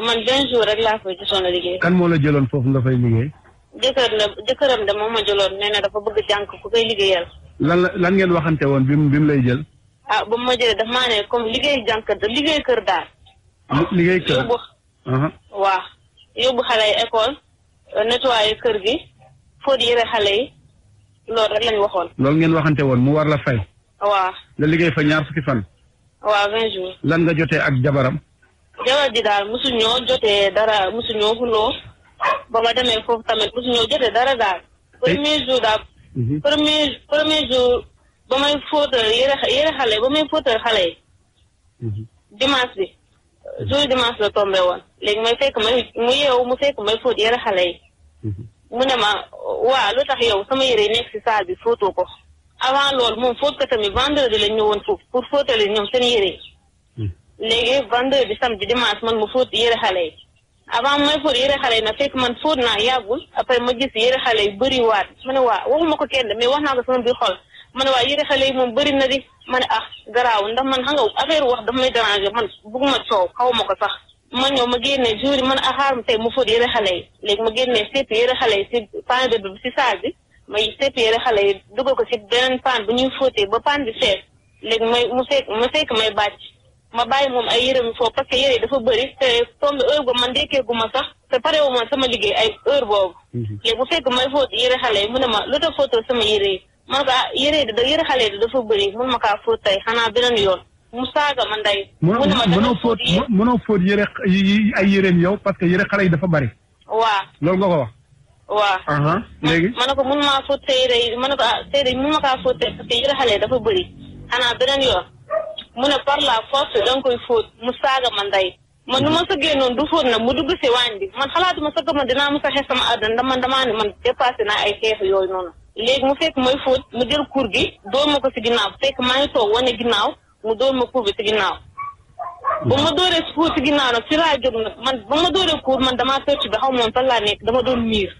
man benn jour rek laa fay gisoon a liggéey. kan moo la jëloon foofu nga fay liggéey. jëkkër na jëkkëram de moom ma jëloon nee na dafa bëgg jànk ko koy liggéeyal. lan la lan ngeen waxante woon bi mu bi lay jël. ah ba mu ma jëlee dafa maa ne comme liggéey jànk liggéey kër daal. liggéey kër yóbbu. Uh-huh. waaw yóbbu xale yi école euh, nettoyer kër gi fóot yëre xale yi loolu rek lañ waxoon. loolu ngeen waxante woon mu war la fay. waaw la liggéey fa ñaar fukki fan. waaw vingt jours. jotee ak jabaram. jabar ji daal mosu ñoo jotee dara mosu ñoo xuloo ma demee foofu tamit mosu ñoo dara daal. Eh. premier jour daal. Mhm. premier premier ba may fóotal yére yére xale ba may fóotal xale yi. Mhm. dimanche bi jour dimanche la tombé woon léegi may fekk may mu yeewu mu fekk may fóot yére xale yi. Mhm. mu ne ma waa lu tax yow sama ma yi nekk si saal bi fóotoo ko avant loolu moom fóot ko tamit vendredi lañ ñëwoon foofu pour fóotali ñoom seen yére yi. léegi bi sam samedi dimanche man ma foot yére xale yi avant may fóot yére xale yi nag fekk man fóot naa yàggul après ma gis yére xale yi bëri waat ma ne waa waxuma ko kenn mais wax naa ko sama biir xol ma ne waa yére xale yi moom bëri na di ma ne ah garaaw ndax man xam nga affaire wax daf may déranger man ma coow xaw ma ko sax ma ñëw ma génnee jour yi man a mu tey ma foot yére xale yi léegi ma génnee sépp yére xale yi si pan de bi si saag bi may xale yi dugal ko si beneen pan bu ñuy fóotee ba pan bi fees léegi may mu fekk mu fekk may bàcc ma bàyyi moom ay yére mi foofu parce que yére yi dafa bëri te tombé heure boobu man ndekkee gu ma sax te pare wu ma sama liggéey ay heure boobu. Mhm. léegi bu fekk may fóot yére xale yi mu ne ma lu tax fóotoo sama yére yi man ko ah yére yi da yére xale yi dafa bëri mun ma kaa fóot tey xanaa beneen yoon mu saaga ma ndey. mu ne ma mënoo fóot mënoo fóot yére yi ay yéreem yow parce que yére xale yi dafa bëri. waaw loolu nga ko wax. waaw. léegi ma ne ko mun maa fóot tey yi ma ne ko ah tey de mun ma kaa dafa bëri xanaa beneen yoon mu ne par la force da nga koy fóot mu saaga ma ndey man nu ma sëggee noonu du fóot nag mu dugg si waañ bi man xalaatuma ma dinaa a xeex sama àdduna dama damaa ne man dépassé naa ay xeex yooyu noonu. léegi mu fekk mooy fóot mu jël kur gi dóor ma ko si ginnaaw fekk maa ngi toog wane ginnaaw mu dóor ma kur bi si ginnaaw. ba ma dóoree kuur si nag si laa jóg nag man ba ma dóoree kuur man damaa perturbé xaw ma woon fan laa nekk dama doon miir.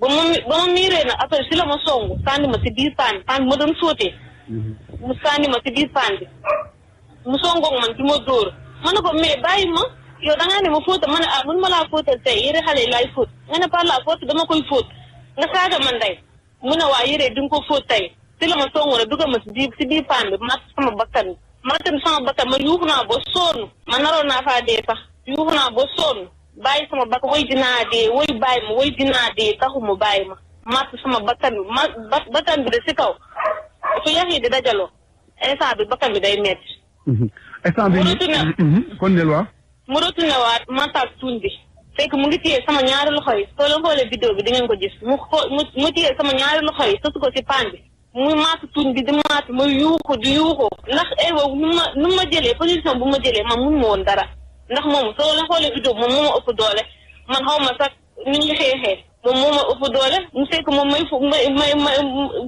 ba ma ba ma miiree nag après si la ma song sànni ma si biir paan paan ma doon sóotee. Mhm. mu sànni ma ci di paan bi mu songoog man du ma dóor ma ne ko mais bàyyi ma yow da ngaa ma fóota ma ne ah mun ma laa fóotal tey yére xale yi laay fóot nga ne par la dama koy foot nga saaga ma ndey mu ne waa yére di ko fóot tey si la ma songoon a dugal ma si biir si biir paan bi mat sama bakkan bi man sama bakkan ma yuuxu na ba sonn ma naroon naa faa dee sax yuuxu naa ba sonn bàyyi sama bakkan woy dinaa dee woy bàyyi ma woy dinaa dee taxu mu bàyyi ma mat sama bakkan bi de si kaw su yax yi di dajaloo instant bi bakkan bi day metti mhm. instant bi mu retourné mhm. kon nel waa mu retourné waat mantaak tuun bi fekk mu ngi téye sama ñaari loxo yi soo leen xoolee vidéo bi di ngeen ko gis mu xoo mu téye sama ñaari loxo yi sosu ko si paan bi muy maatu tuun bi di maatu ma yuuxu di yuuxu ndax aywa eh, nu ma nu ma jëlee position bu ma jëlee man mun ma dara ndax moom soo leen xoolee vidéo bi moom moo ma ëpp doole man xaw ma sax ni ñu xeexee moom moo ma ëpp doole mu fekk moom may may may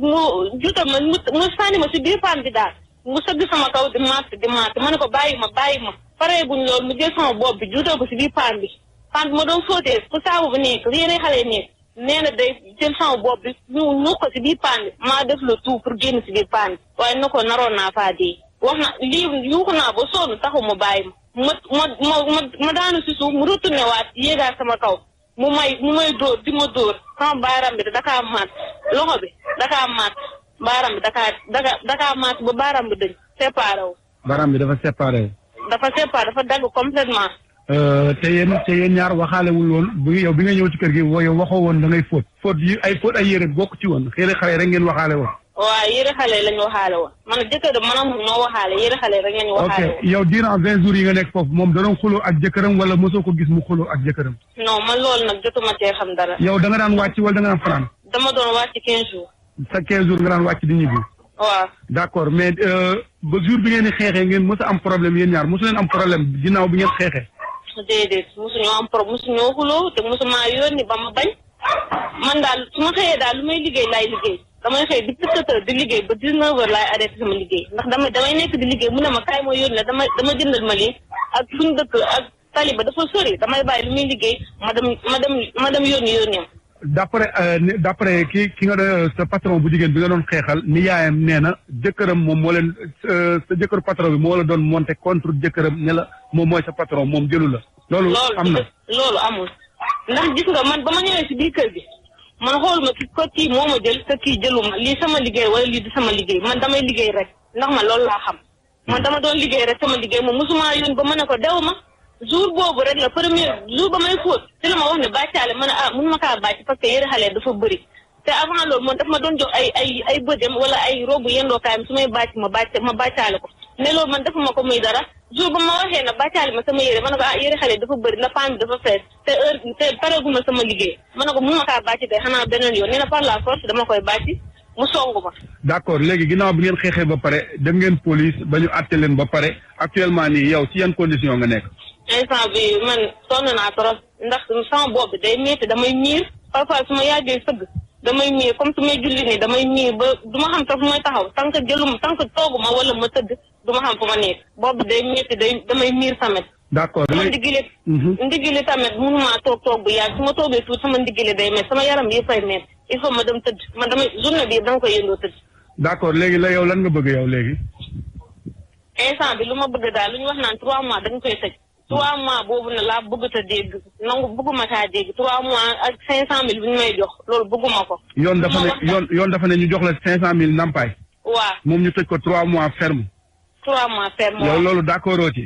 mu juutal ma mu ma si biir paan bi daal mu sëgg sama kaw di matt di matt ma ne ko bàyyi ma bàyyi ma paree buñ loolu mu jël sama bopp bi juutal ko si biir paan bi paan bi ma doon fóotee fu saabu bi nekk li yeneen xale nekk nee na day jël sama bopp bi ñu ñu ko si biir paan bi maa def le tout pour génn si biir paan bi waaye na ko naroon naa faa dee wax na lii yuuxu naa ba sonn taxu mu bàyyi ma ma ma ma daanu si suuf mu retourné waat yéegaat sama kaw mu may mu may dóor di ma dóor sama baaram bi dakaa maat loxo bi dakaa maat baaram bi dakaa daka dakaa maat ba baaram bi dañ séparé wu. baaram bi dafa séparé. dafa séparé dafa dagg complètement euh, te yéen te yéen ñaar waxaalewul woon bu yow bi nga ñëw ci kër gi waxoo woon da ngay fóot fóot yi ay fóot ay yére bokk ci woon xëy na xale rek ngeen waxaale woon. waaw yëre xale lañu waxaale woon man jëkkëram maanaam moo waxaale yëre xale rek lañu waxaale woon. ok yow diiran vingt jours yi nga nekk foofu moom danoon xuloo ak jëkkëram wala mosoo ko gis mu xuloo ak jëkkëram. non man loolu nag jotuma cee xam dara. yow da nga daan wàcc wala da nga daan fanaan. dama doon wàcc quinze jours. sa quinze jours nga daan wàcc di ñibbi. waaw d' accord mais euh, ba jour bi ngeen di xeexee ngeen mos a am problème yéen ñaar mosu leen am problème ginnaaw bi ngeen xeexee. déedéet mosu ñoo am problème mosu ñoo xuloo te mosu maa yónni ba ma bañ man daal su ma xëyee daal lu may liggéey laay liggéey damay xëy di sept heures di liggéey ba dix neuf heures laay arrêté sama liggéey ndax damay damay nekk di liggéey mu ne ma kaay mooy yónni la dama dama jëndal ma ak suñu dëkk ak tali ba dafa sori damay bàyyi lu muy liggéey ma dem ma dem ma dem yónni yónneem d'après euh, d'après ki ki nga doon sa patron bu jigéen bi nga doon xeexal ni yaayam nee na jëkkëram moom moo leen sa jëkkër patron bi moo la doon monté contre jëkkëram ne la moom mooy sa patron moom jëlu la loolu na loolu amul ndax nga man ba ma ñëwee man xool ma ki ko kii moo ma jël te kii jëluma lii sama liggéey wala lii di sama liggéey man damay liggéey rek ndax ma loolu laa xam man dama doon liggéey rek sama liggéey moom mosuma yoon ba mën a ko dew ma jour boobu rek la premier jour ba may fóot ci la ma wax ne bàccaale ma ne ah mun ma kaa bàcc parce que yëre xale dafa bëri te avant loolu moom daf ma doon jox ay ay ay bëjëm wala ay robu yendookaayam su may bàcc ma bàcc ma bàccaale ko ne loolu man dafa ma ko muy dara jour ba ma waxee na bàccaali ma sama yére ma ne ko ah yére xale dafa bëri na paan bi dafa fees te heure te pareeguma sama liggéey ma ne ko mënuma kaa bàcc tey xanaa beneen yoon nee na par la force dama koy bàcc mu songu ma. d' accord léegi ginnaaw bi ngeen xeexee ba pare dem ngeen police ba ñu àtte leen ba pare actuellement nii yow ci yan condition nga nekk. instant bi man sonn naa trop ndax sama bopp bi day métti damay miir parfois su ma yàggee sëgg damay miir comme su may julli nii damay miir ba du ma xam sax fu may taxaw tant que jëlum tant que tooguma wala ma tëdd. du ma xam fu ma nekk boobu day métti day damay miir tamit. d'accord sama ndigile. Mhm. ndigile tamit mënuma toog toog bu yàgg su ma toogee tuuti sama ndigile day métti sama yaram yëpp ay métti il faut ma dem tëdd ma damay journée bi dama koy yëndoo tëdd. d'accord léegi la yow lan nga bëgg yow léegi. instant bi lu ma bëgg daal wax naan trois mois dañ koy tëj. trois mois boobu na laa bëgg ta non nangu bëgguma kaa dégg trois mois ak cinq cent mille bu ñu jox loolu bëgguma ko. yoon dafa ne yoon yoon dafa ne ñu jox la cinq cent mille ndàmpaay. waaw moom ñu tëj ko trois mois ferme. trois mois ferme. loolu d' accord oo ci.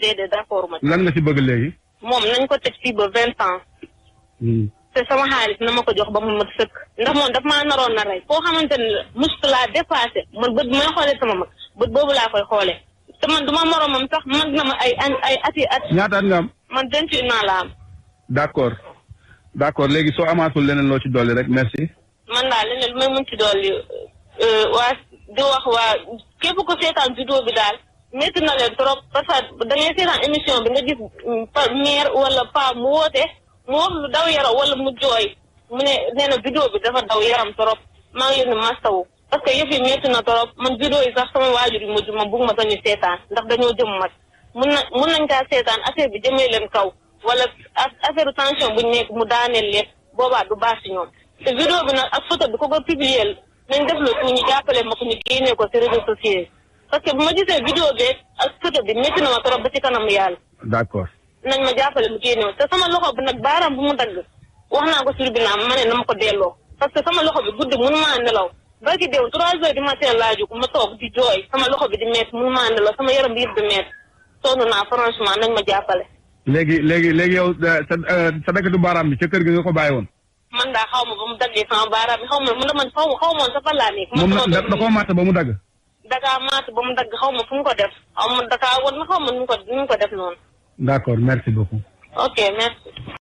déedéet d' lan nga ci bëgg léegi. moom nañ ko teg fii ba vingt ans. Hmm. te sama xaalis na ma ko jox ba mu mat sëkk. ndax moom daf maa naroon na rey. koo xamante ne mustu laa dépassé man bët may xoolee sama mag bët boobu laa koy xoolee. te man du ma sax mag na ma ay ay at yi at. ñaata at nga am. man denc naa la am. d' accord léegi soo amaatul leneen loo ci dolli rek merci. man daal leneen lu may mën ci dolli euh, di wax waa képp ko seetaan vidéo bi daal métti na leen trop parce que da ngay seetaan émission bi nga gis mère wala paam mu woote mu wax lu daw yaram wala mu jooy mu ne nee na vidéo bi dafa daw yaram trop maa ngi leen di mastawu parce que yëf yi métti na trop man vidéo yi sax sama waajur yi mujj ma bugg ma sañu seetaan ndax dañoo jëm mag mun na mun nañ kaa seetaan affaire bi jëmee leen kaw wala affaire tension bu ñu nekk mu daaneel leen boobaat du baax si ñoom te vidéo bi nag ak nañ def la tuuti ñu jàppale ma ko ñu génnee ko si réseaux sociaux yi parce que bu ma gisee vidéo beeg ak a bi métti na ma trop ba ci kanam yàlla. d'accord nañ ma jàppale mu génne te sama loxo bi nag baaraam bu mu dagg wax naa ko sur binaam ma na ma ko delloo parce que sama loxo bi guddi mënu maa nelaw barki déew trois heures du matin laaju ko ma toog di jooy sama loxo bi di métti mënu maa nelaw sama yaram bi yëpp di métti sonn naa franchement nañ ma jàppale. léegi léegi léegi yow euh, sa euh, sa dëkkatu baaraam bi ca kër gi nga ko bàyyi woon. man daa xaw ma ba mu daggee sama baaraam bi xaw ma man man xaw ma xaw ma woon sa fan laa nekk. moom da da koo matt ba mu dagg. da kaa matt ba mu dagg xaw ma fu mu ko def. xaw ma da kaa woon xaw ma nu mu ko nu mu ko def noonu. d'accord merci beaucoup. ok merci.